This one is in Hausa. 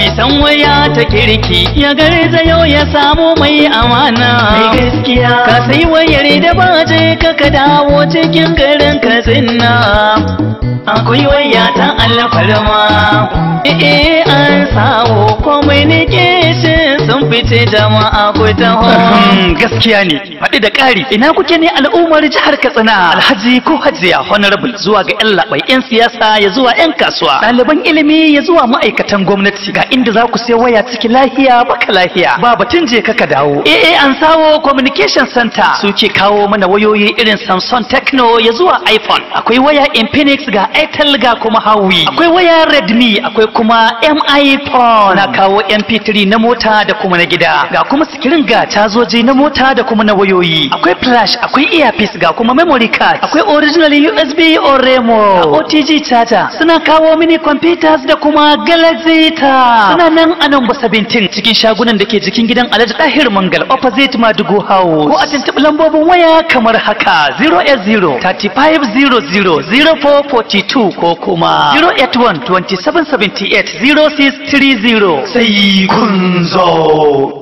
bisan waya ta kirki ya garzayo ya samu mai amana ka sai wayar da baje ka ka dawo cikin garin ka zinna akwai waya ta alfarma eh, eh an sawo komai ne fice jama'a ku taho hmm, gaskiya ne faɗi da ƙari ina kuke ne al'ummar jihar Katsina Alhaji ko Hajiya honorable zuwa ga ƴan labai ƴan siyasa ya zuwa 'yan kasuwa ɗaliban ilimi ya zuwa ma'aikatan gwamnati ga inda za ku sai waya ciki lahiya baka lahiya ba batun je ka dawo AA eh, an sawo communication center suke kawo mana wayoyi irin Samsung Techno ya zuwa iPhone akwai waya Infinix ga Airtel ga kuma Huawei akwai waya Redmi akwai kuma MI phone na kawo MP3 na mota da kuma na gida ga kuma sikirin ga cazoji na mota da kuma na wayoyi akwai flash akwai earpiece ga kuma memory card akwai original usb or remo otg charger suna kawo mini computers da kuma galaxy tab suna nan a nan basa cikin shagunan da ke jikin gidan alhaji dahir mangal opposite madugu house ko a tuntuɓi lambobin waya kamar haka 080 3500 0442 ko kuma 081 2778 0630 sai kun zo So